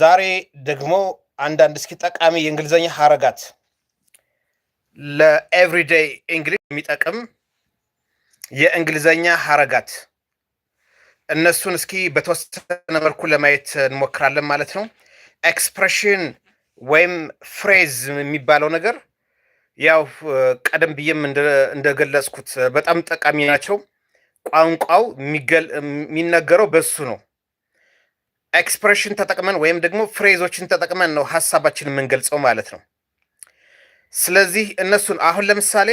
ዛሬ ደግሞ አንዳንድ እስኪ ጠቃሚ የእንግሊዝኛ ሀረጋት ለኤቭሪዴይ እንግሊዝ የሚጠቅም የእንግሊዝኛ ሀረጋት እነሱን እስኪ በተወሰነ መልኩ ለማየት እንሞክራለን ማለት ነው። ኤክስፕሬሽን ወይም ፍሬዝ የሚባለው ነገር ያው ቀደም ብዬም እንደገለጽኩት በጣም ጠቃሚ ናቸው። ቋንቋው የሚነገረው በሱ ነው። ኤክስፕሬሽን ተጠቅመን ወይም ደግሞ ፍሬዞችን ተጠቅመን ነው ሀሳባችን የምንገልጸው ማለት ነው። ስለዚህ እነሱን አሁን ለምሳሌ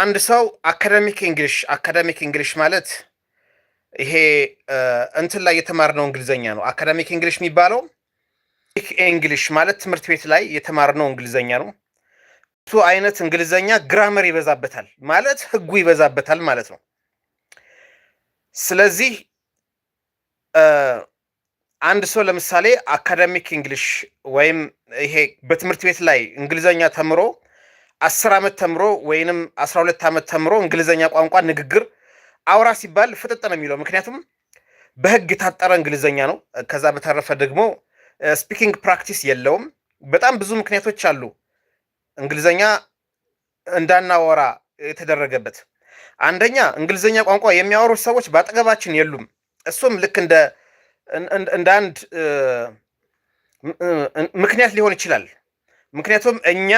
አንድ ሰው አካደሚክ እንግሊሽ አካዳሚክ እንግሊሽ ማለት ይሄ እንትን ላይ የተማርነው እንግሊዘኛ ነው። አካዳሚክ እንግሊሽ የሚባለው እንግሊሽ ማለት ትምህርት ቤት ላይ የተማርነው እንግሊዘኛ ነው። እሱ አይነት እንግሊዘኛ ግራመር ይበዛበታል ማለት ህጉ ይበዛበታል ማለት ነው። ስለዚህ አንድ ሰው ለምሳሌ አካደሚክ እንግሊሽ ወይም ይሄ በትምህርት ቤት ላይ እንግሊዘኛ ተምሮ አስር ዓመት ተምሮ ወይንም አስራ ሁለት ዓመት ተምሮ እንግሊዘኛ ቋንቋ ንግግር አውራ ሲባል ፍጥጥ ነው የሚለው። ምክንያቱም በህግ የታጠረ እንግሊዘኛ ነው። ከዛ በተረፈ ደግሞ ስፒኪንግ ፕራክቲስ የለውም። በጣም ብዙ ምክንያቶች አሉ እንግሊዘኛ እንዳናወራ የተደረገበት። አንደኛ እንግሊዘኛ ቋንቋ የሚያወሩ ሰዎች በአጠገባችን የሉም። እሱም ልክ እንደ እንደ አንድ ምክንያት ሊሆን ይችላል። ምክንያቱም እኛ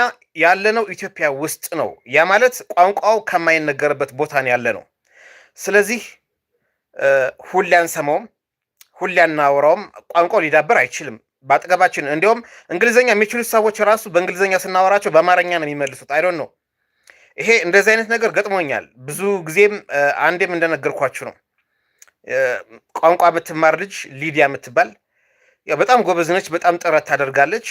ያለነው ኢትዮጵያ ውስጥ ነው። ያ ማለት ቋንቋው ከማይነገርበት ቦታ ነው ያለ ነው። ስለዚህ ሁሌ አንሰማውም፣ ሁሌ አናወራውም። ቋንቋው ሊዳብር አይችልም በአጠገባችን። እንዲሁም እንግሊዝኛ የሚችሉት ሰዎች ራሱ በእንግሊዝኛ ስናወራቸው በአማርኛ ነው የሚመልሱት። አይዶን ነው ይሄ እንደዚህ አይነት ነገር ገጥሞኛል ብዙ ጊዜም አንዴም እንደነገርኳችሁ ነው። ቋንቋ ብትማር ልጅ ሊዲያ የምትባል በጣም ጎበዝ ነች። በጣም ጥረት ታደርጋለች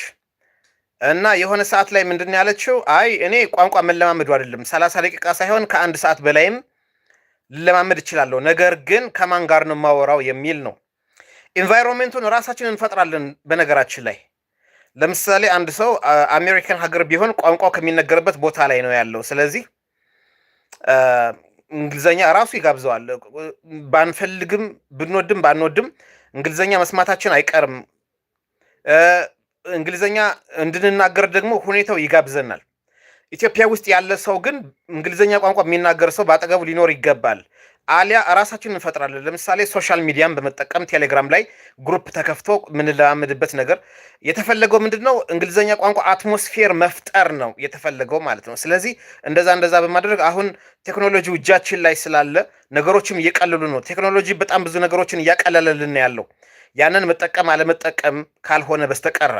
እና የሆነ ሰዓት ላይ ምንድን ያለችው አይ እኔ ቋንቋ መለማመዱ አይደለም ሰላሳ ደቂቃ ሳይሆን ከአንድ ሰዓት በላይም ልለማመድ እችላለሁ። ነገር ግን ከማን ጋር ነው የማወራው የሚል ነው። ኢንቫይሮንሜንቱን ራሳችንን እንፈጥራለን። በነገራችን ላይ ለምሳሌ አንድ ሰው አሜሪካን ሀገር ቢሆን ቋንቋው ከሚነገርበት ቦታ ላይ ነው ያለው። ስለዚህ እንግሊዘኛ ራሱ ይጋብዘዋል። ባንፈልግም ብንወድም ባንወድም እንግሊዘኛ መስማታችን አይቀርም። እንግሊዘኛ እንድንናገር ደግሞ ሁኔታው ይጋብዘናል። ኢትዮጵያ ውስጥ ያለ ሰው ግን እንግሊዘኛ ቋንቋ የሚናገር ሰው በአጠገቡ ሊኖር ይገባል። አሊያ ራሳችን እንፈጥራለን። ለምሳሌ ሶሻል ሚዲያን በመጠቀም ቴሌግራም ላይ ግሩፕ ተከፍቶ የምንለማመድበት ነገር የተፈለገው ምንድን ነው? እንግሊዝኛ ቋንቋ አትሞስፌር መፍጠር ነው የተፈለገው ማለት ነው። ስለዚህ እንደዛ እንደዛ በማድረግ አሁን ቴክኖሎጂ እጃችን ላይ ስላለ ነገሮችም እየቀለሉ ነው። ቴክኖሎጂ በጣም ብዙ ነገሮችን እያቀለለልን ያለው ያንን መጠቀም አለመጠቀም ካልሆነ በስተቀረ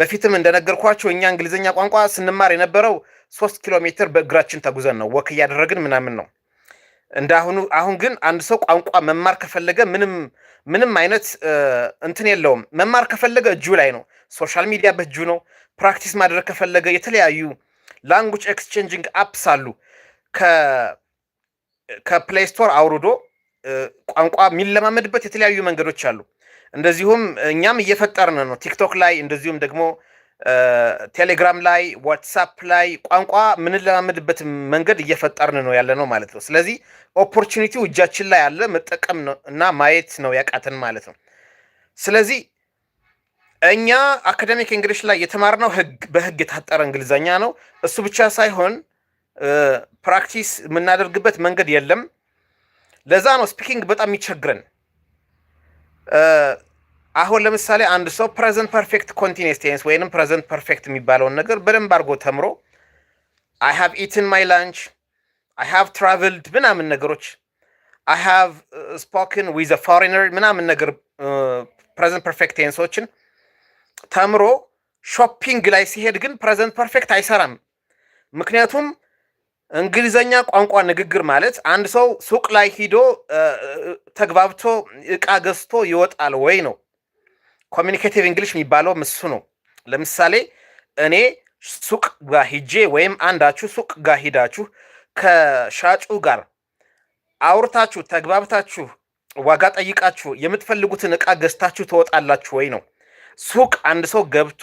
በፊትም እንደነገርኳቸው እኛ እንግሊዝኛ ቋንቋ ስንማር የነበረው ሶስት ኪሎ ሜትር በእግራችን ተጉዘን ነው ወክ እያደረግን ምናምን ነው እንዳሁኑ አሁን ግን አንድ ሰው ቋንቋ መማር ከፈለገ ምንም ምንም አይነት እንትን የለውም። መማር ከፈለገ እጁ ላይ ነው። ሶሻል ሚዲያ በእጁ ነው። ፕራክቲስ ማድረግ ከፈለገ የተለያዩ ላንጉጅ ኤክስቼንጂንግ አፕስ አሉ። ከፕሌይ ስቶር አውርዶ ቋንቋ የሚለማመድበት የተለያዩ መንገዶች አሉ። እንደዚሁም እኛም እየፈጠርን ነው ቲክቶክ ላይ እንደዚሁም ደግሞ ቴሌግራም ላይ ዋትሳፕ ላይ ቋንቋ የምንለማመድበት መንገድ እየፈጠርን ነው ያለ ነው ማለት ነው። ስለዚህ ኦፖርቹኒቲው እጃችን ላይ ያለ መጠቀም እና ማየት ነው ያቃተን ማለት ነው። ስለዚህ እኛ አካደሚክ እንግሊሽ ላይ የተማርነው ህግ በህግ የታጠረ እንግሊዘኛ ነው። እሱ ብቻ ሳይሆን ፕራክቲስ የምናደርግበት መንገድ የለም። ለዛ ነው ስፒኪንግ በጣም ይቸግረን። አሁን ለምሳሌ አንድ ሰው ፕሬዘንት ፐርፌክት ኮንቲኒስ ቴንስ ወይንም ፕሬዘንት ፐርፌክት የሚባለውን ነገር በደንብ አድርጎ ተምሮ አይ ሃቭ ኢትን ማይ ላንች አይ ሃቭ ትራቨልድ ምናምን ነገሮች አይ ሃቭ ስፖክን ዊዝ ፎሪነር ምናምን ነገር uh, ፕሬዘንት ፐርፌክት ቴንሶችን ተምሮ ሾፒንግ ላይ ሲሄድ ግን ፕሬዘንት ፐርፌክት አይሰራም። ምክንያቱም እንግሊዘኛ ቋንቋ ንግግር ማለት አንድ ሰው ሱቅ ላይ ሂዶ uh, ተግባብቶ እቃ ገዝቶ ይወጣል ወይ ነው። ኮሚኒኬቲቭ እንግሊሽ የሚባለው ምሱ ነው። ለምሳሌ እኔ ሱቅ ጋር ሂጄ ወይም አንዳችሁ ሱቅ ጋር ሂዳችሁ ከሻጩ ጋር አውርታችሁ ተግባብታችሁ ዋጋ ጠይቃችሁ የምትፈልጉትን እቃ ገዝታችሁ ትወጣላችሁ ወይ ነው። ሱቅ አንድ ሰው ገብቶ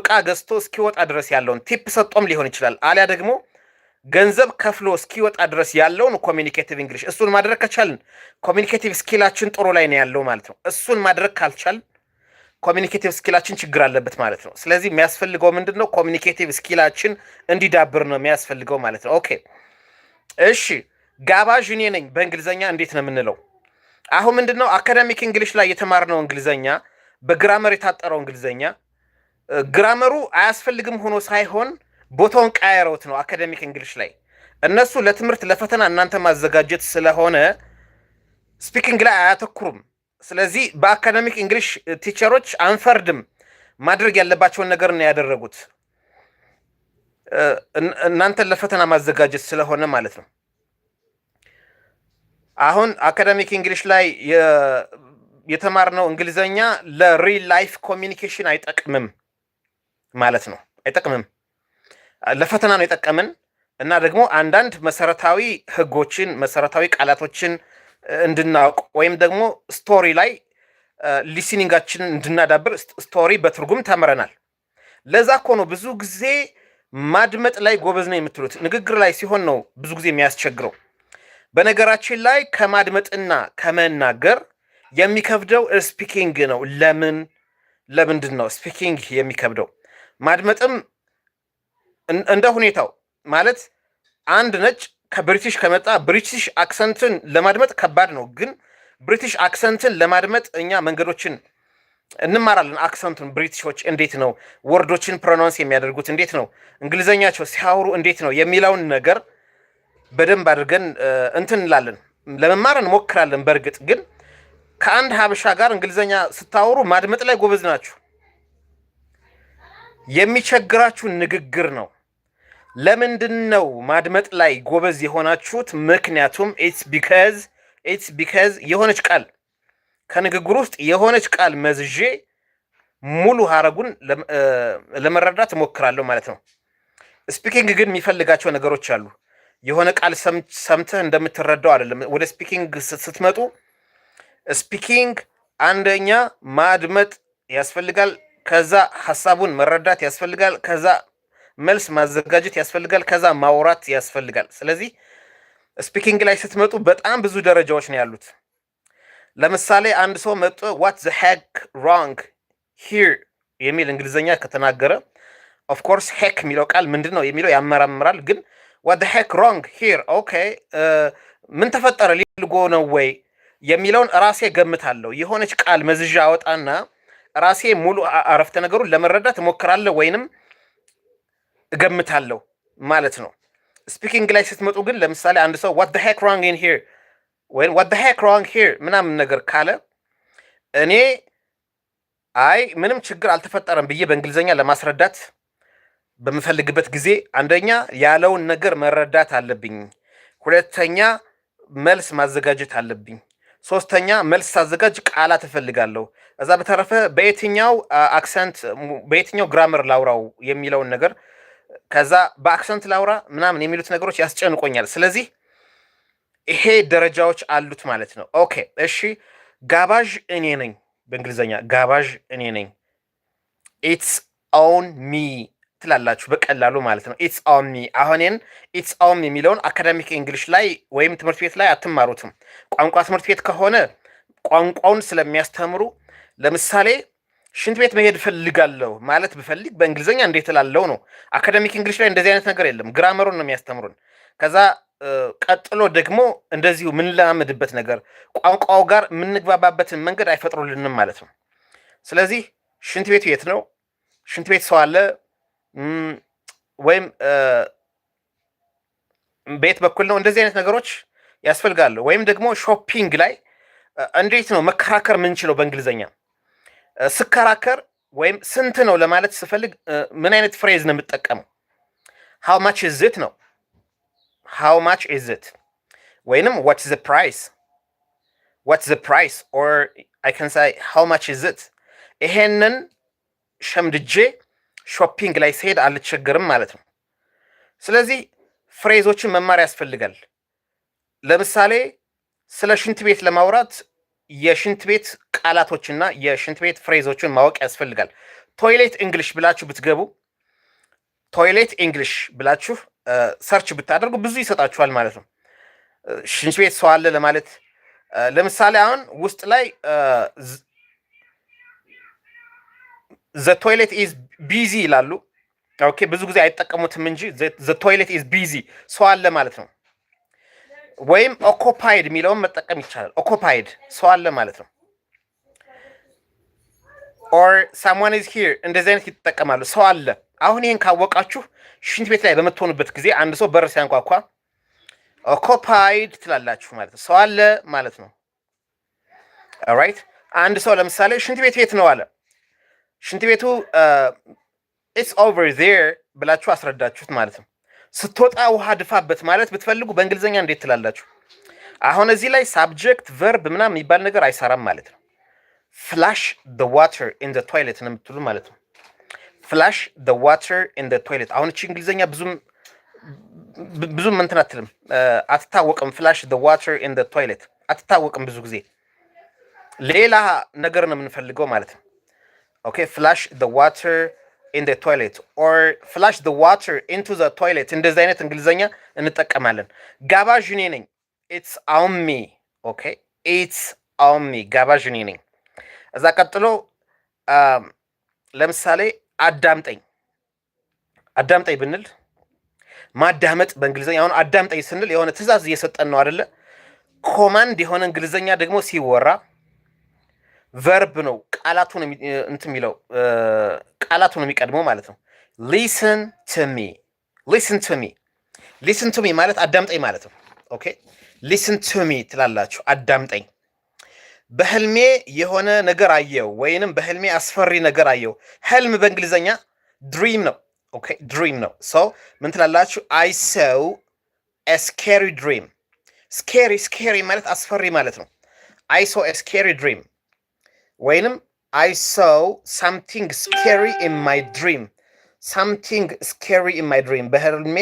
እቃ ገዝቶ እስኪወጣ ድረስ ያለውን ቲፕ ሰጦም ሊሆን ይችላል አሊያ ደግሞ ገንዘብ ከፍሎ እስኪወጣ ድረስ ያለውን ኮሚኒኬቲቭ እንግሊሽ እሱን ማድረግ ከቻልን ኮሚኒኬቲቭ ስኪላችን ጥሩ ላይ ነው ያለው ማለት ነው። እሱን ማድረግ ካልቻልን ኮሚኒኬቲቭ ስኪላችን ችግር አለበት ማለት ነው። ስለዚህ የሚያስፈልገው ምንድን ነው? ኮሚኒኬቲቭ ስኪላችን እንዲዳብር ነው የሚያስፈልገው ማለት ነው። ኦኬ እሺ፣ ጋባዥ እኔ ነኝ በእንግሊዝኛ እንዴት ነው የምንለው? አሁን ምንድን ነው አካዳሚክ እንግሊሽ ላይ የተማርነው እንግሊዝኛ በግራመር የታጠረው እንግሊዝኛ ግራመሩ አያስፈልግም ሆኖ ሳይሆን ቦታውን ቀያይረውት ነው አካደሚክ እንግሊሽ ላይ እነሱ ለትምህርት ለፈተና እናንተ ማዘጋጀት ስለሆነ ስፒኪንግ ላይ አያተኩሩም። ስለዚህ በአካደሚክ እንግሊሽ ቲቸሮች አንፈርድም። ማድረግ ያለባቸውን ነገር ነው ያደረጉት፣ እናንተን ለፈተና ማዘጋጀት ስለሆነ ማለት ነው። አሁን አካደሚክ እንግሊሽ ላይ የተማርነው እንግሊዘኛ ለሪል ላይፍ ኮሚኒኬሽን አይጠቅምም ማለት ነው፣ አይጠቅምም ለፈተና ነው የጠቀመን እና ደግሞ አንዳንድ መሰረታዊ ህጎችን መሰረታዊ ቃላቶችን እንድናውቅ ወይም ደግሞ ስቶሪ ላይ ሊሲኒንጋችንን እንድናዳብር ስቶሪ በትርጉም ተምረናል። ለዛ እኮ ነው ብዙ ጊዜ ማድመጥ ላይ ጎበዝ ነው የምትሉት፣ ንግግር ላይ ሲሆን ነው ብዙ ጊዜ የሚያስቸግረው። በነገራችን ላይ ከማድመጥና ከመናገር የሚከብደው ስፒኪንግ ነው። ለምን ለምንድን ነው ስፒኪንግ የሚከብደው? ማድመጥም እንደ ሁኔታው ማለት አንድ ነጭ ከብሪቲሽ ከመጣ ብሪቲሽ አክሰንትን ለማድመጥ ከባድ ነው። ግን ብሪቲሽ አክሰንትን ለማድመጥ እኛ መንገዶችን እንማራለን። አክሰንቱን ብሪቲሾች እንዴት ነው ወርዶችን ፕሮናንስ የሚያደርጉት፣ እንዴት ነው እንግሊዘኛቸው ሲያወሩ፣ እንዴት ነው የሚለውን ነገር በደንብ አድርገን እንትን እንላለን፣ ለመማር እንሞክራለን። በእርግጥ ግን ከአንድ ሀበሻ ጋር እንግሊዘኛ ስታወሩ ማድመጥ ላይ ጎበዝ ናችሁ። የሚቸግራችሁ ንግግር ነው። ለምንድን ነው ማድመጥ ላይ ጎበዝ የሆናችሁት? ምክንያቱም ኢትስ ቢከዝ ኢትስ ቢከዝ የሆነች ቃል ከንግግር ውስጥ የሆነች ቃል መዝዤ ሙሉ ሀረጉን ለመረዳት እሞክራለሁ ማለት ነው። ስፒኪንግ ግን የሚፈልጋቸው ነገሮች አሉ። የሆነ ቃል ሰምተህ እንደምትረዳው አይደለም። ወደ ስፒኪንግ ስትመጡ ስፒኪንግ አንደኛ ማድመጥ ያስፈልጋል። ከዛ ሀሳቡን መረዳት ያስፈልጋል። ከዛ መልስ ማዘጋጀት ያስፈልጋል። ከዛ ማውራት ያስፈልጋል። ስለዚህ ስፒኪንግ ላይ ስትመጡ በጣም ብዙ ደረጃዎች ነው ያሉት። ለምሳሌ አንድ ሰው መጥቶ ዋት ዘ ሄክ ሮንግ ሂር የሚል እንግሊዝኛ ከተናገረ ኦፍኮርስ ሄክ የሚለው ቃል ምንድን ነው የሚለው ያመራምራል። ግን ዋት ዘ ሄክ ሮንግ ሂር ኦኬ፣ ምን ተፈጠረ ሊልጎ ነው ወይ የሚለውን ራሴ ገምታለሁ። የሆነች ቃል መዝዣ አወጣና ራሴ ሙሉ አረፍተ ነገሩን ለመረዳት እሞክራለሁ ወይንም እገምታለሁ ማለት ነው። ስፒኪንግ ላይ ስትመጡ ግን ለምሳሌ አንድ ሰው ዋት ሄክ ሮንግ ኢን ሂር ወይም ዋት ሄክ ሮንግ ሂር ምናምን ነገር ካለ እኔ አይ ምንም ችግር አልተፈጠረም ብዬ በእንግሊዝኛ ለማስረዳት በምፈልግበት ጊዜ አንደኛ ያለውን ነገር መረዳት አለብኝ፣ ሁለተኛ መልስ ማዘጋጀት አለብኝ፣ ሶስተኛ መልስ ሳዘጋጅ ቃላት እፈልጋለሁ። እዛ በተረፈ በየትኛው አክሰንት በየትኛው ግራመር ላውራው የሚለውን ነገር ከዛ በአክሰንት ላውራ ምናምን የሚሉት ነገሮች ያስጨንቆኛል። ስለዚህ ይሄ ደረጃዎች አሉት ማለት ነው። ኦኬ እሺ፣ ጋባዥ እኔ ነኝ። በእንግሊዝኛ ጋባዥ እኔ ነኝ። ኢትስ ኦን ሚ ትላላችሁ በቀላሉ ማለት ነው። ኢትስ ኦን ሚ። አሁንን ኢትስ ኦን የሚለውን አካዳሚክ እንግሊሽ ላይ ወይም ትምህርት ቤት ላይ አትማሩትም። ቋንቋ ትምህርት ቤት ከሆነ ቋንቋውን ስለሚያስተምሩ ለምሳሌ ሽንት ቤት መሄድ እፈልጋለሁ ማለት ብፈልግ በእንግሊዝኛ እንዴት እላለሁ ነው። አካደሚክ እንግሊሽ ላይ እንደዚህ አይነት ነገር የለም። ግራመሩን ነው የሚያስተምሩን። ከዛ ቀጥሎ ደግሞ እንደዚሁ የምንለማመድበት ነገር ቋንቋው ጋር የምንግባባበትን መንገድ አይፈጥሩልንም ማለት ነው። ስለዚህ ሽንት ቤቱ የት ነው? ሽንት ቤት ሰው አለ ወይም በየት በኩል ነው? እንደዚህ አይነት ነገሮች ያስፈልጋሉ። ወይም ደግሞ ሾፒንግ ላይ እንዴት ነው መከራከር የምንችለው በእንግሊዝኛ ስከራከር ወይም ስንት ነው ለማለት ስፈልግ ምን አይነት ፍሬዝ ነው የምጠቀመው? ሃው ማች ኢዝት ነው። ሃው ማች ኢዝት ወይንም ዋት ዘ ፕራይስ ዋት ዘ ፕራይስ ኦር አይ ካን ሳይ ሃው ማች ኢዝት። ይሄንን ሸምድጄ ሾፒንግ ላይ ስሄድ አልቸገርም ማለት ነው። ስለዚህ ፍሬዞችን መማር ያስፈልጋል። ለምሳሌ ስለ ሽንት ቤት ለማውራት የሽንት ቤት ቃላቶችና የሽንት ቤት ፍሬዞችን ማወቅ ያስፈልጋል። ቶይሌት እንግሊሽ ብላችሁ ብትገቡ ቶይሌት እንግሊሽ ብላችሁ ሰርች ብታደርጉ ብዙ ይሰጣችኋል ማለት ነው። ሽንት ቤት ሰው አለ ለማለት ለምሳሌ አሁን ውስጥ ላይ ዘ ቶይሌት ኢዝ ቢዚ ይላሉ። ኦኬ ብዙ ጊዜ አይጠቀሙትም እንጂ ዘ ቶይሌት ኢዝ ቢዚ ሰው አለ ማለት ነው። ወይም ኦኮፓይድ የሚለውን መጠቀም ይቻላል። ኦኮፓይድ ሰው አለ ማለት ነው። ኦር ሳምዋን ኢዝ ሂር እንደዚህ አይነት ይጠቀማሉ። ሰው አለ። አሁን ይህን ካወቃችሁ ሽንት ቤት ላይ በምትሆኑበት ጊዜ አንድ ሰው በር ሲያንኳኳ ኦኮፓይድ ትላላችሁ ማለት ነው። ሰው አለ ማለት ነው። ራይት አንድ ሰው ለምሳሌ ሽንት ቤት ቤት ነው አለ። ሽንት ቤቱ ኢትስ ኦቨር ዜር ብላችሁ አስረዳችሁት ማለት ነው። ስትወጣ ውሃ ድፋበት ማለት ብትፈልጉ በእንግሊዝኛ እንዴት ትላላችሁ? አሁን እዚህ ላይ ሳብጀክት ቨርብ ምናምን የሚባል ነገር አይሰራም ማለት ነው። ፍላሽ ደ ዋተር ኢን ደ ቶይሌት ነው የምትሉ ማለት ነው። ፍላሽ ደ ዋተር ኢን ደ ቶይሌት። አሁን እቺ እንግሊዝኛ ብዙም ብዙም እንትን አትልም፣ አትታወቅም። ፍላሽ ደ ዋተር ኢን ደ ቶይሌት አትታወቅም። ብዙ ጊዜ ሌላ ነገር ነው የምንፈልገው ማለት ነው። ኦኬ ፍላሽ ደ ዋተር ኢን ዘ ቶይሌት ኦር ፍላሽ ዘ ዋተር ኢንቱ ዘ ቶይሌት እንደዚህ አይነት እንግሊዘኛ እንጠቀማለን። ጋባዥ እኔ ነኝ። ኢትስ አውን ሚ ኦኬ። ኢትስ አውን ሚ ጋባዥ እኔ ነኝ። እዛ ቀጥሎ um, ለምሳሌ አዳምጠኝ አዳምጠኝ ብንል ማዳመጥ በእንግሊዝኛ አሁን አዳምጠኝ ስንል የሆነ ትዕዛዝ እየሰጠን ነው አይደለ? ኮማንድ የሆነ እንግሊዝኛ ደግሞ ሲወራ ቨርብ ነው ቃላቱ እንትን የሚለው ነው የሚቀድመው ማለት ነው። ሊስን ትሚ ሊስን ትሚ ሊስን ትሚ ማለት አዳምጠኝ ማለት ነው። ኦኬ ሊስን ሚ ትላላችሁ። አዳምጠኝ። በህልሜ የሆነ ነገር አየው ወይንም በህልሜ አስፈሪ ነገር አየው። ህልም በእንግሊዘኛ ድሪም ነው። ኦኬ ድሪም ነው። ሶ ምን ትላላችሁ? አይ ሰው ስኬሪ ድሪም። ስኬሪ ስኬሪ ማለት አስፈሪ ማለት ነው። አይ ሰው ስኬሪ ድሪም ወይንም አይ ሰው ሳምቲንግ ስኬሪ ኢን ማይ ድሪም ሳምቲንግ ስኬሪ ኢን ማይ ድሪም በህልሜ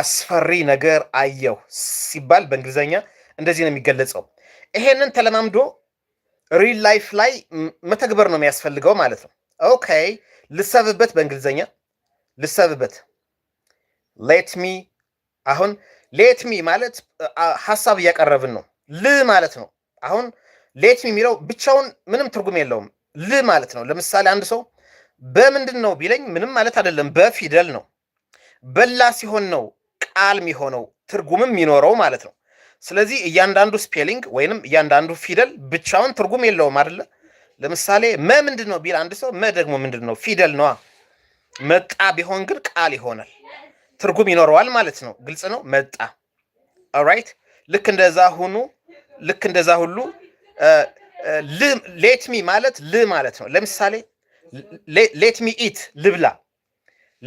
አስፈሪ ነገር አየሁ ሲባል በእንግሊዝኛ እንደዚህ ነው የሚገለጸው። ይሄንን ተለማምዶ ሪል ላይፍ ላይ መተግበር ነው የሚያስፈልገው ማለት ነው። ኦኬ ልሰብበት፣ በእንግሊዝኛ ልሰብበት። ሚ አሁን ሌትሚ ማለት ሀሳብ እያቀረብን ነው። ል ማለት ነው አሁን ሌት የሚለው ብቻውን ምንም ትርጉም የለውም። ል ማለት ነው። ለምሳሌ አንድ ሰው በምንድን ነው ቢለኝ ምንም ማለት አይደለም። በፊደል ነው። በላ ሲሆን ነው ቃል የሚሆነው ትርጉምም የሚኖረው ማለት ነው። ስለዚህ እያንዳንዱ ስፔሊንግ ወይንም እያንዳንዱ ፊደል ብቻውን ትርጉም የለውም አይደለ? ለምሳሌ መ ምንድን ነው ቢል አንድ ሰው መ ደግሞ ምንድን ነው? ፊደል ነዋ። መጣ ቢሆን ግን ቃል ይሆናል፣ ትርጉም ይኖረዋል ማለት ነው። ግልጽ ነው። መጣ ኦራይት። ልክ እንደዛ ሁኑ ልክ እንደዛ ሁሉ ሌትሚ ማለት ል ማለት ነው። ለምሳሌ ሌትሚ ኢት ልብላ፣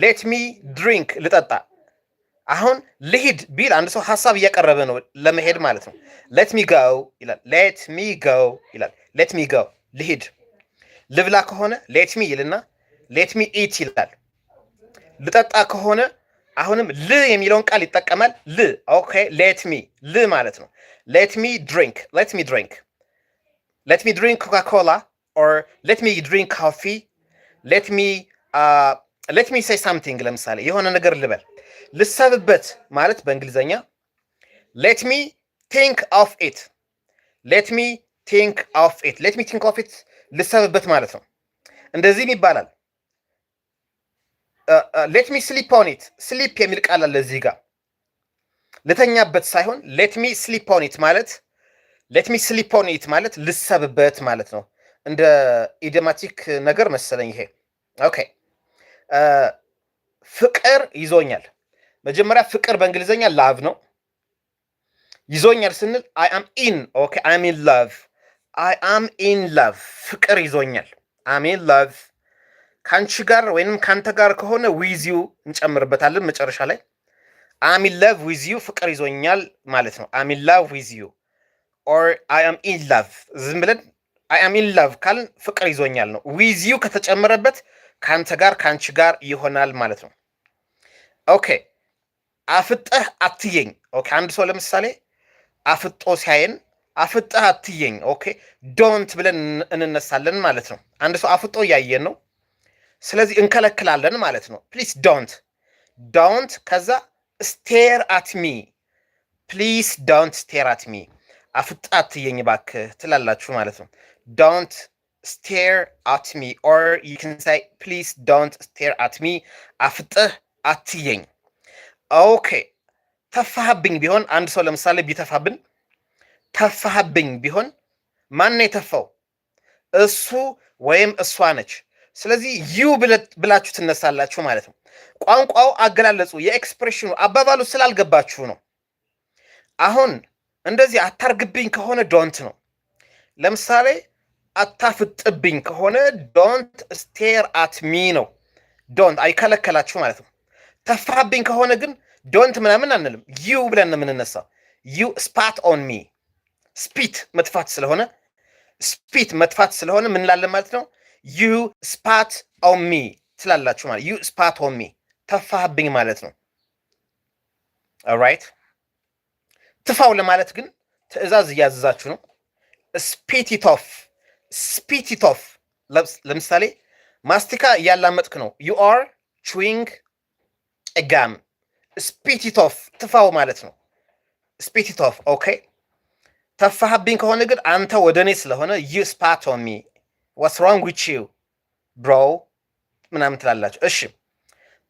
ሌትሚ ድሪንክ ልጠጣ። አሁን ልሂድ ቢል አንድ ሰው ሀሳብ እያቀረበ ነው ለመሄድ ማለት ነው። ሌትሚ ጋው ይላል። ሌትሚ ጋው ይላል። ሌትሚ ጋው ልሂድ። ልብላ ከሆነ ሌትሚ ይልና ሌትሚ ኢት ይላል። ልጠጣ ከሆነ አሁንም ል የሚለውን ቃል ይጠቀማል። ል ኦኬ፣ ሌትሚ ል ማለት ነው። ሌትሚ ድሪንክ ሌትሚ ድሪንክ let me drink coca-cola or let me drink coffee let me uh, let me say something ለምሳሌ የሆነ ነገር ልበል ልሰብበት ማለት በእንግሊዘኛ let me think of it let me think of it let me think of it ልሰብበት ማለት ነው እንደዚህም ይባላል uh, uh, Let me sleep on it. Sleep የሚል ቃል አለ እዚህ ጋር ልተኛበት ሳይሆን Let me sleep on it, ማለት ሌት ሚ ስሊፕ ኦን ኢት ማለት ልሰብበት ማለት ነው። እንደ ኢደማቲክ ነገር መሰለኝ ይሄ። ኦኬ ፍቅር ይዞኛል። መጀመሪያ ፍቅር በእንግሊዝኛ ላቭ ነው። ይዞኛል ስንል አይ አም ኢን ኦኬ፣ አይ አም ኢን ላቭ፣ አይ አም ኢን ላቭ። ፍቅር ይዞኛል፣ አም ኢን ላቭ። ከአንቺ ጋር ወይንም ከአንተ ጋር ከሆነ ዊዝ ዩ እንጨምርበታለን መጨረሻ ላይ። አም ኢን ላቭ ዊዝ ዩ፣ ፍቅር ይዞኛል ማለት ነው። አም ኢን ላቭ ዊዝ ዩ ኦር አይ አም ኢን ላቭ ዝም ብለን አይ አም ኢን ላቭ ካልን ፍቅር ይዞኛል ነው። ዊዝ ዩ ከተጨመረበት ከአንተ ጋር ከአንቺ ጋር ይሆናል ማለት ነው። ኦኬ አፍጠህ አትየኝ። ኦኬ አንድ ሰው ለምሳሌ አፍጦ ሲያየን አፍጠህ አትየኝ፣ ኦኬ ዶንት ብለን እንነሳለን ማለት ነው። አንድ ሰው አፍጦ እያየን ነው፣ ስለዚህ እንከለክላለን ማለት ነው። ፕሊስ ዶንት ዶንት። ከዛ ስቴር አትሚ ፕሊስ ዶንት ስቴር አትሚ አፍጣ አትየኝ እባክህ ትላላችሁ ማለት ነው። ዶንት ስቴር አት ሚ ኦር ዩ ካን ፕሊዝ ዶንት ስቴር አት ሚ አፍጥህ አትየኝ። ኦኬ ተፋህብኝ ቢሆን አንድ ሰው ለምሳሌ ቢተፋብን ተፋህብኝ ቢሆን ማን ነው የተፋው? እሱ ወይም እሷ ነች። ስለዚህ ዩ ብላችሁ ትነሳላችሁ ማለት ነው። ቋንቋው፣ አገላለጹ፣ የኤክስፕሬሽኑ አባባሉ ስላልገባችሁ ነው አሁን እንደዚህ አታርግብኝ ከሆነ ዶንት ነው። ለምሳሌ አታፍጥብኝ ከሆነ ዶንት ስቴር አት ሚ ነው። ዶንት አይከለከላችሁ ማለት ነው። ተፋብኝ ከሆነ ግን ዶንት ምናምን አንልም። ዩ ብለን ነው የምንነሳ። ዩ ስፓት ኦን ሚ ስፒት መጥፋት ስለሆነ ስፒት መጥፋት ስለሆነ ምንላለን ማለት ነው። ዩ ስፓት ኦን ሚ ትላላችሁ ማለት ዩ ስፓት ኦን ሚ ተፋህብኝ ማለት ነው። ኦልራይት ትፋው ለማለት ግን ትዕዛዝ እያዘዛችሁ ነው። ስፒቲቶፍ ስፒቲቶፍ። ለምሳሌ ማስቲካ እያላመጥክ ነው። ዩ አር ቹዊንግ እጋም ስፒቲቶፍ ትፋው ማለት ነው። ስፒቲቶፍ ኦኬ። ተፋሃብኝ ከሆነ ግን አንተ ወደ እኔ ስለሆነ ዩ ስፓት ኦን ሚ ዋስ ሮንግ ዊች ዩ ብሮ ምናምን ትላላችሁ። እሺ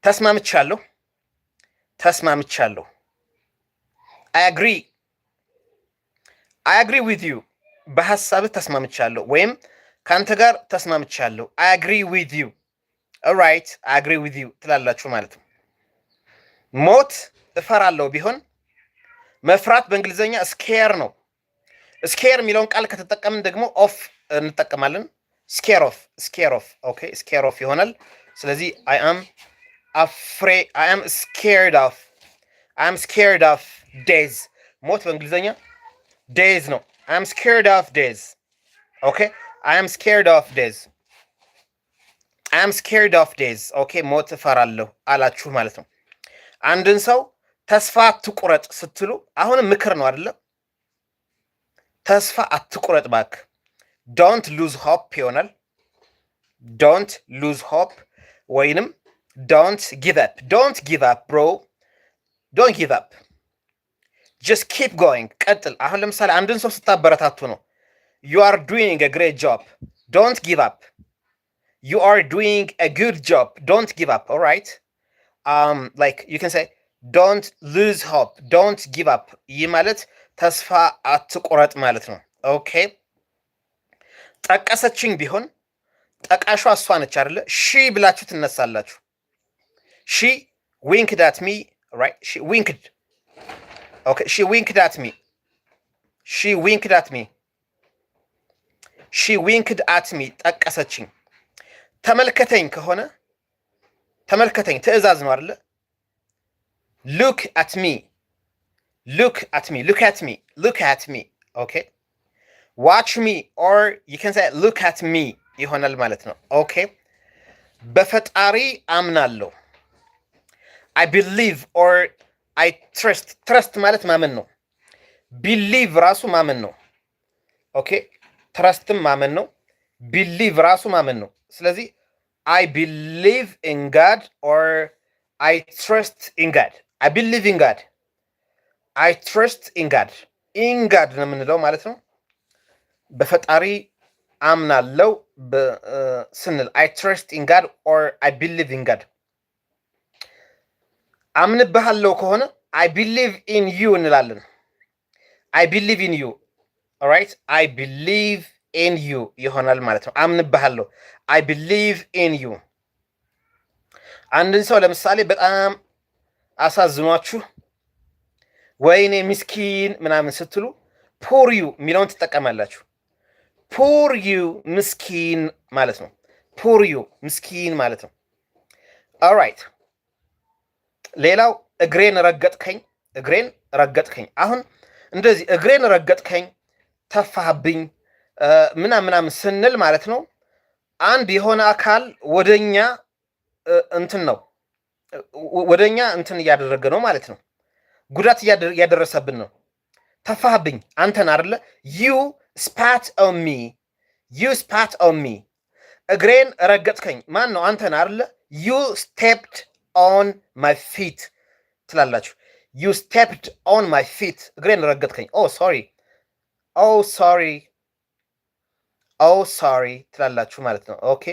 ተስማምቻለሁ፣ ተስማምቻለሁ አይ አግሪ አይ አግሪ ዊዝ ዩ በሀሳብህ ተስማምቻለሁ ወይም ከአንተ ጋር ተስማምቻለሁ። አይ አግሪ ዊዝ ዩ ራይት አይ አግሪ ዊዝ ዩ ትላላችሁ ማለት ነው። ሞት እፈራለሁ ቢሆን መፍራት በእንግሊዝኛ ስኬር ነው። ስኬር የሚለውን ቃል ከተጠቀምን ደግሞ ኦፍ እንጠቀማለን። ስኬር ኦፍ፣ ስኬር ኦፍ፣ ኦኬ፣ ስኬር ኦፍ ይሆናል። ስለዚህ አይ አም አፍሬ አይ አም ስኬርድ ኦፍ አይ አም ስኬርድ ኦፍ ዴዝ ሞት በእንግሊዝኛ ዴዝ ነው። አም ስኬርድ ኦፍ ዴዝ ኦኬ። አም ስኬርድ ኦፍ ዴዝ አም ስኬርድ ኦፍ ዴዝ ኦኬ። ሞት እፈራለሁ አላችሁ ማለት ነው። አንድን ሰው ተስፋ አትቁረጥ ስትሉ አሁንም ምክር ነው አይደለም። ተስፋ አትቁረጥ እባክህ። ዶንት ሉዝ ሆፕ ይሆናል። ዶንት ሉዝ ሆፕ ወይንም ዶንት ጊቭ አፕ ዶንት ጊቭ አፕ ብሮ ዶንት ጊቭ አፕ ጀስት ኪፕ ጎይንግ ቀጥል። አሁን ለምሳሌ አንድን ሰው ስታበረታቱ ነው ዩ አር ዱዊንግ አ ግሬት ጆብ ዶንት ጊቭ አፕ፣ ዩ አር ዱዊንግ አ ጉድ ጆብ ዶንት ጊቭ አፕ። ኦልራይት ላይክ ዩ ካን ሴይ ዶንት ሉዝ ሆፕ ዶንት ጊቭ አፕ። ይህ ማለት ተስፋ አትቆረጥ ማለት ነው። ኦኬ ጠቀሰችኝ ቢሆን ጠቃሿ እሷ ነች አይደለ? ሺ ብላችሁ ትነሳላችሁ። ሺ ዊንክድ አት ሚ ዊንክድ Okay, she winked at me. She winked at me. ሺ ዊንክድ አትሚ ጠቀሰችኝ። ተመልከተኝ ከሆነ ተመልከተኝ ትዕዛዝ ነው አይደለ? ሉክ አትሚ ሉክ አትሚ ሉክ አትሚ ሉክ አትሚ ኦኬ ዋች ሚ ኦር ዩ ካን ሴይ ሉክ አት ሚ ይሆናል ማለት ነው። ኦኬ በፈጣሪ አምናለሁ። አይ ቢሊቭ ኦር አይ ትረስት ትረስት ማለት ማመን ነው። ቢሊቭ ራሱ ማመን ነው። ኦኬ ትረስትም ማመን ነው። ቢሊቭ ራሱ ማመን ነው። ስለዚህ አይ ቢሊቭ ኢን ጋድ ኦር አይ ትረስት ኢን ጋድ። አይ ቢሊቭ ኢን ጋድ፣ አይ ትረስት ኢን ጋድ። ኢን ጋድ ነው የምንለው ማለት ነው። በፈጣሪ አምናለው ስንል አይ ትረስት ኢን ጋድ ኦር አይ ቢሊቭ ኢን ጋድ አምንብሃለሁ ከሆነ አይ ቢሊቭ ኢን ዩ እንላለን። አይ ቢሊቭ ኢን ዩ ራይት አይ ቢሊቭ ኢን ዩ ይሆናል ማለት ነው። አምንብሃለሁ፣ አይ ቢሊቭ ኢን ዩ። አንድን ሰው ለምሳሌ በጣም አሳዝኗችሁ ወይኔ ምስኪን ምናምን ስትሉ ፑር ዩ የሚለውን ትጠቀማላችሁ። ፑር ዩ ምስኪን ማለት ነው። ፑር ዩ ምስኪን ማለት ነው። ኦራይት ሌላው እግሬን ረገጥከኝ፣ እግሬን ረገጥከኝ። አሁን እንደዚህ እግሬን ረገጥከኝ፣ ተፋህብኝ፣ ምናምን ምናምን ስንል ማለት ነው አንድ የሆነ አካል ወደኛ እንትን ነው ወደኛ እንትን እያደረገ ነው ማለት ነው። ጉዳት እያደረሰብን ነው። ተፋህብኝ አንተን አደለ ዩ ስፓት ኦን ሚ ዩ ስፓት ኦን ሚ እግሬን ረገጥከኝ ማን ነው? አንተን አደለ ዩ ስቴፕድ ኦን ማይ ፊት ትላላችሁ። ዩ ስቴፕድ ኦን ማይ ፊት እግሬን ረገጥከኝ። ኦ ሶሪ፣ ኦ ሶሪ፣ ኦ ሶሪ ትላላችሁ ማለት ነው። ኦኬ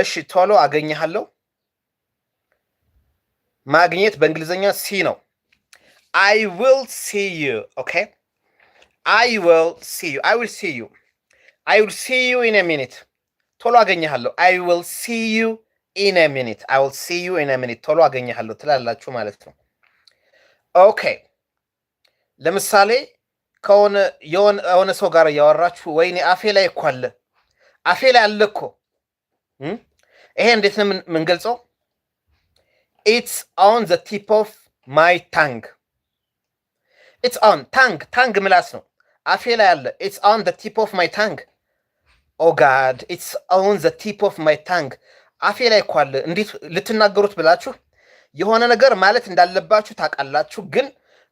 እሺ፣ ቶሎ አገኘሃለሁ። ማግኘት በእንግሊዝኛ ሲ ነው። አይ ዊል ሲ ዩ። ኦኬ አይ ዊል ሲ ዩ፣ አይ ዊል ሲ ዩ፣ አይ ዊል ሲ ዩ ኢን ሚኒት። ቶሎ አገኘሃለሁ። አይ ዊል ሲ ዩ ኢን ሚኒት አይ ዊል ሲ ዩ ኢን ሚኒት ቶሎ አገኘሃለሁ ትላላችሁ ማለት ነው። ኦኬ ለምሳሌ ከሆነ የሆነ ሰው ጋር እያወራችሁ ወይኔ አፌ ላይ እኮ አለ አፌ ላይ አለ እኮ። ይሄ እንዴት ነው የምንገልጸው? ኢትስ ኦን ዘ ቲፕ ኦፍ ማይ ታንግ። ኢትስ ኦን ታንግ ታንግ ምላስ ነው። አፌ ላይ አለ። ኢትስ ኦን ዘ ቲፕ ኦፍ ማይ ታንግ ኦ ጋድ ኢትስ ኦን ዘ ቲፕ ኦፍ ማይ ታንግ አፌ ላይ እኮ አለ። እንዴት ልትናገሩት ብላችሁ የሆነ ነገር ማለት እንዳለባችሁ ታውቃላችሁ፣ ግን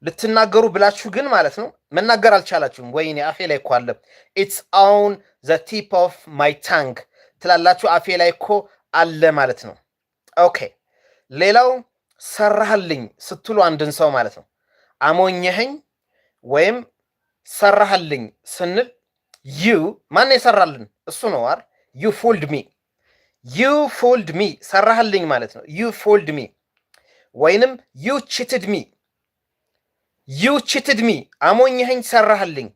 ልትናገሩ ብላችሁ ግን ማለት ነው መናገር አልቻላችሁም። ወይኔ አፌ ላይ እኮ አለ። ኢትስ ኦን ዘ ቲፕ ኦፍ ማይ ታንግ ትላላችሁ። አፌ ላይ እኮ አለ ማለት ነው። ኦኬ ሌላው ሰራህልኝ ስትሉ አንድን ሰው ማለት ነው አሞኘህኝ ወይም ሰራህልኝ ስንል ዩ ማን የሰራልን እሱ ነው። አር ዩ ፉልድ ሚ ዩ ፎልድ ሚ ሰራህልኝ ማለት ነው። ዩ ፎልድ ሚ ወይንም ዩ ቺትድ ሚ፣ ዩ ቺትድ ሚ አሞኝህኝ ሰራህልኝ፣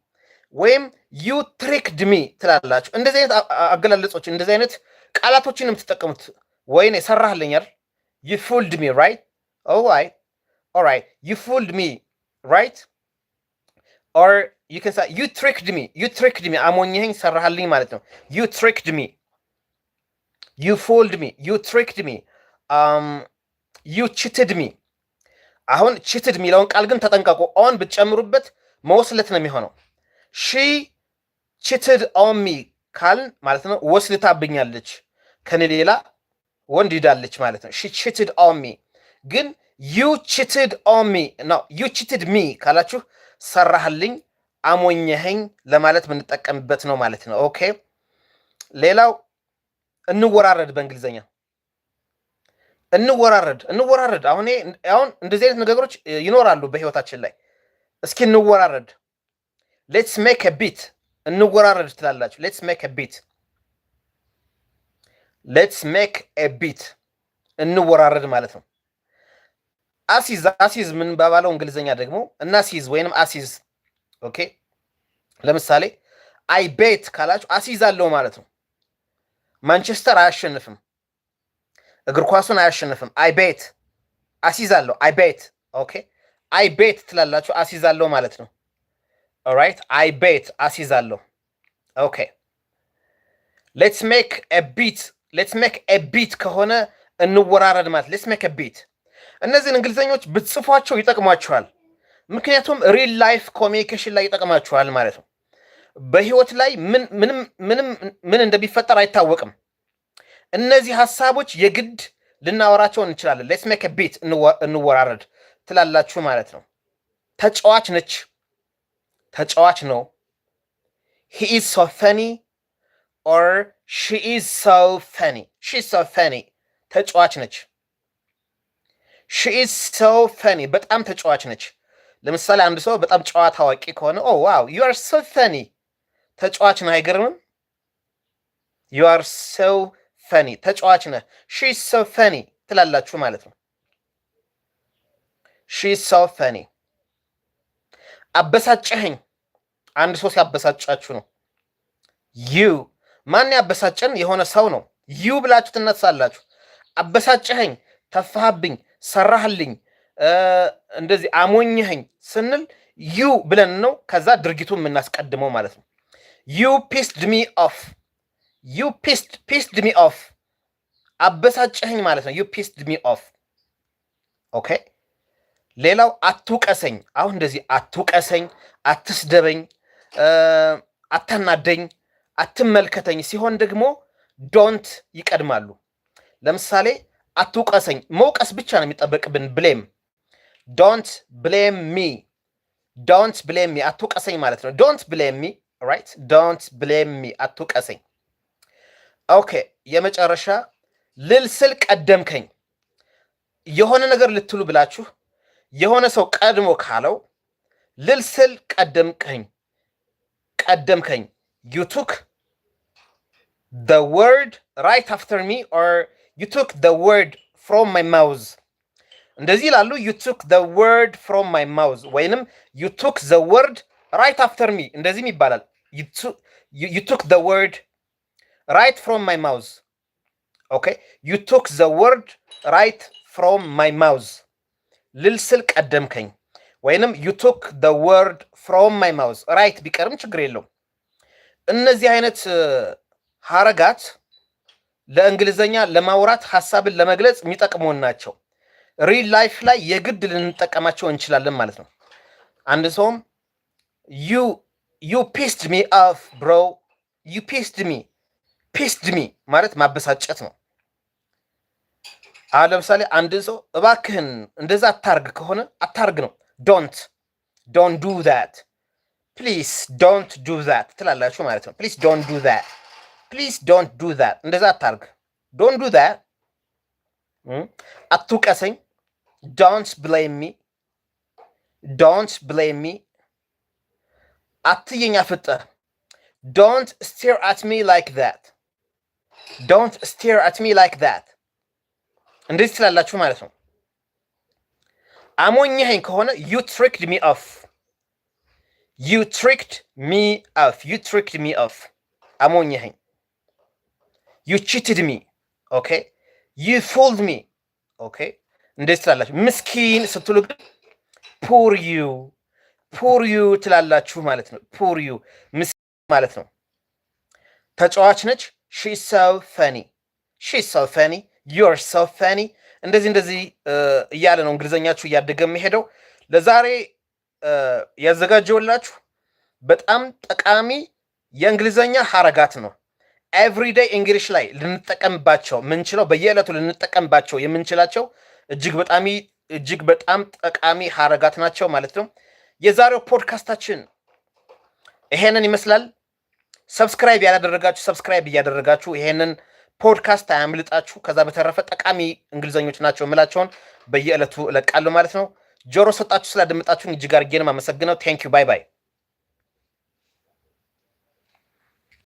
ወይም ዩ ትሪክድ ሚ ትላላችሁ። እንደዚህ አይነት አገላለጾች እንደዚህ አይነት ቃላቶችን የምትጠቀሙት ወይኔ ሰራህልኝ አይደል? ዩ ፉልድ ሚ ራይት ኦራይት ኦራይት ዩ ፉልድ ሚ ራይት ኦር ዩ ካን ዩ ትሪክድ ሚ ዩ ትሪክድ ሚ አሞኝህኝ ሰራህልኝ ማለት ነው። ዩ ትሪክድ ሚ ዩ ፎልድ ሚ ዩ ትሪክድ ሚ ዩ ችትድ ሚ። አሁን ችትድ የሚለውን ቃል ግን ተጠንቀቁ። ኦን ብትጨምሩበት መወስለት ነው የሚሆነው። ሺ ችትድ ኦን ሚ ካል ማለት ነው ወስልታብኛለች፣ ከኔ ሌላ ወንድ ይዳለች ማለት ነው። ሺ ቺትድ ኦን ሚ። ግን ዩ ችትድ ኦን ሚ ነው። ዩ ችትድ ሚ ካላችሁ ሰራህልኝ፣ አሞኘኸኝ ለማለት የምንጠቀምበት ነው ማለት ነው። ኦኬ ሌላው እንወራረድ በእንግሊዝኛ እንወራረድ እንወራረድ። አሁን አሁን እንደዚህ አይነት ንግግሮች ይኖራሉ በህይወታችን ላይ። እስኪ እንወራረድ፣ ሌትስ ሜክ ቢት። እንወራረድ ትላላችሁ። ሌትስ ሜክ ቢት፣ ሌትስ ሜክ ቢት። እንወራረድ ማለት ነው። አሲዝ አሲዝ ምን በባለው እንግሊዝኛ ደግሞ እናሲዝ ወይንም አሲዝ። ኦኬ፣ ለምሳሌ አይ ቤት ካላችሁ አሲዝ አለው ማለት ነው። ማንቸስተር አያሸንፍም፣ እግር ኳሱን አያሸንፍም። አይ ቤት አሲዛለሁ። አይ ቤት ኦኬ። አይ ቤት ትላላችሁ አሲዛለሁ ማለት ነው። ኦራይት አይ ቤት አሲዛለሁ። ኦኬ ሌትስ ሜክ ኤ ቢት ሌትስ ሜክ ኤ ቢት ከሆነ እንወራረድ ማለት ሌትስ ሜክ ኤ ቢት። እነዚህን እንግሊዝኞች ብትጽፏቸው ይጠቅሟችኋል፣ ምክንያቱም ሪል ላይፍ ኮሚኒኬሽን ላይ ይጠቅማችኋል ማለት ነው። በህይወት ላይ ምንም ምን እንደሚፈጠር አይታወቅም። እነዚህ ሀሳቦች የግድ ልናወራቸው እንችላለን። ሌትስ ሜክ ቤት እንወራረድ ትላላችሁ ማለት ነው። ተጫዋች ነች፣ ተጫዋች ነው። ሂ ኢዝ ሶ ፈኒ ኦር ሺ ኢዝ ሶ ፈኒ፣ ሺ ኢዝ ሶ ፈኒ። ተጫዋች ነች። ሺ ኢዝ ሶ ፈኒ፣ በጣም ተጫዋች ነች። ለምሳሌ አንድ ሰው በጣም ጨዋ አዋቂ ከሆነ ኦ ዋው ዩ አር ሶ ፈኒ ተጫዋች ነህ። አይገርምም? ዩ አር ሰው ፈኒ ተጫዋች ነህ። ሺ ሰው ፈኒ ትላላችሁ ማለት ነው። ሺ ሰው ፈኒ። አበሳጨኸኝ። አንድ ሰው ሲያበሳጫችሁ ነው። ዩ ማን ያበሳጨን? የሆነ ሰው ነው። ዩ ብላችሁ ትነሳላችሁ። አበሳጨኸኝ፣ ተፋህብኝ፣ ሰራህልኝ፣ እንደዚህ አሞኘኸኝ ስንል ዩ ብለን ነው። ከዛ ድርጊቱ የምናስቀድመው ማለት ነው። ዩ ፒስድ ሚ ኦፍ ዩ ፒስድ ፒስድ ሚ ኦፍ አበሳጨኸኝ ማለት ነው። ዩ ፒስድ ሚ ኦፍ ኦኬ። ሌላው አትውቀሰኝ። አሁን እንደዚህ አትውቀሰኝ፣ አትስደበኝ፣ አታናደኝ፣ አትመልከተኝ ሲሆን ደግሞ ዶንት ይቀድማሉ። ለምሳሌ አትውቀሰኝ፣ መውቀስ ብቻ ነው የሚጠበቅብን። ብሌም ዶንት ብሌም ሚ ዶንት ብሌም ሚ አትውቀሰኝ ማለት ነው። ዶንት ብሌም ሚ ራይት ዶንት ብሌም ሚ አትውቀሰኝ። ኦኬ የመጨረሻ ልል ስል ቀደምከኝ። የሆነ ነገር ልትሉ ብላችሁ የሆነ ሰው ቀድሞ ካለው ልል ስል ቀደምከኝ፣ ቀደምከኝ ዩ ቱክ ደ ወርድ ራይት አፍተር ሚ ኦር ዩ ቱክ ደ ወርድ ፍሮም ማይ ማውዝ እንደዚህ ይላሉ። ዩ ቱክ ዘ ወርድ ፍሮም ማይ ማውዝ ወይንም ዩ ቱክ ዘ ወርድ ራይት አፍተር ሚ እንደዚህም ይባላል። you took you, you took the word right from my mouth okay you took the word right from my mouth ልል ስል ቀደምከኝ ወይንም you took the word from my mouth right ቢቀርም ችግር የለውም። እነዚህ አይነት ሀረጋት ለእንግሊዘኛ ለማውራት ሀሳብን ለመግለጽ የሚጠቅሙን ናቸው። ሪል ላይፍ ላይ የግድ ልንጠቀማቸው እንችላለን ማለት ነው። አንድ ሰውም you ዩ ፒስድ ሚ አፍ ብሮ ዩ ፒስድ ሚ ፒስድ ሚ ማለት ማበሳጨት ነው። አሁን ለምሳሌ አንድን ሰው እባክህን እንደዛ አታርግ ከሆነ አታርግ ነው። ዶንት ዶንት ዱ ዛት ፕሊስ ዶንት ዱ ዛት ትላላችሁ ማለት ነው። ፕሊስ ዶንት ዱ ዛት ፕሊስ ዶንት ዱ ዛት እንደዛ አታርግ ዶንት ዱ ዛት አትውቀሰኝ ዶንት ብሌም ሚ ዶንት ብሌም ሚ አትየኝ አፍጥህ። ዶንት ስቴር አት ሚ ላይክ ዛት ዶንት ስቴር አት ሚ ላይክ ዛት። እንደዚህ ትላላችሁ ማለት ነው። አሞኛኸኝ ከሆነ ዩ ትሪክድ ሚ ኦፍ ዩ ትሪክድ ሚ ኦፍ ዩ ትሪክድ ሚ ኦፍ አሞኛኸኝ። ዩ ቺትድ ሚ ኦኬ። ዩ ፉልድ ሚ ኦኬ። እንደዚህ ትላላችሁ። ምስኪን ስትሉ ግን ፑር ዩ ፑርዩ ትላላችሁ ማለት ነው። ዩ ምስ ማለት ነው። ተጫዋች ነች። ሺ ሰው ፈኒ፣ ሺ ሰው ፈኒ፣ ዩር ሰው ፈኒ። እንደዚህ እንደዚህ እያለ ነው እንግሊዘኛችሁ እያደገ የሚሄደው። ለዛሬ ያዘጋጀውላችሁ በጣም ጠቃሚ የእንግሊዘኛ ሀረጋት ነው። ኤቭሪዴይ እንግሊሽ ላይ ልንጠቀምባቸው ምንችለው በየዕለቱ ልንጠቀምባቸው የምንችላቸው እጅግ በጣም እጅግ በጣም ጠቃሚ ሀረጋት ናቸው ማለት ነው። የዛሬው ፖድካስታችን ይሄንን ይመስላል። ሰብስክራይብ ያላደረጋችሁ ሰብስክራይብ እያደረጋችሁ ይሄንን ፖድካስት አያምልጣችሁ። ከዛ በተረፈ ጠቃሚ እንግሊዘኞች ናቸው የምላቸውን በየዕለቱ እለቃለሁ ማለት ነው። ጆሮ ሰጣችሁ ስላደመጣችሁን እጅግ አድርጌ አመሰግነው። ቴንክ ዩ ባይ ባይ።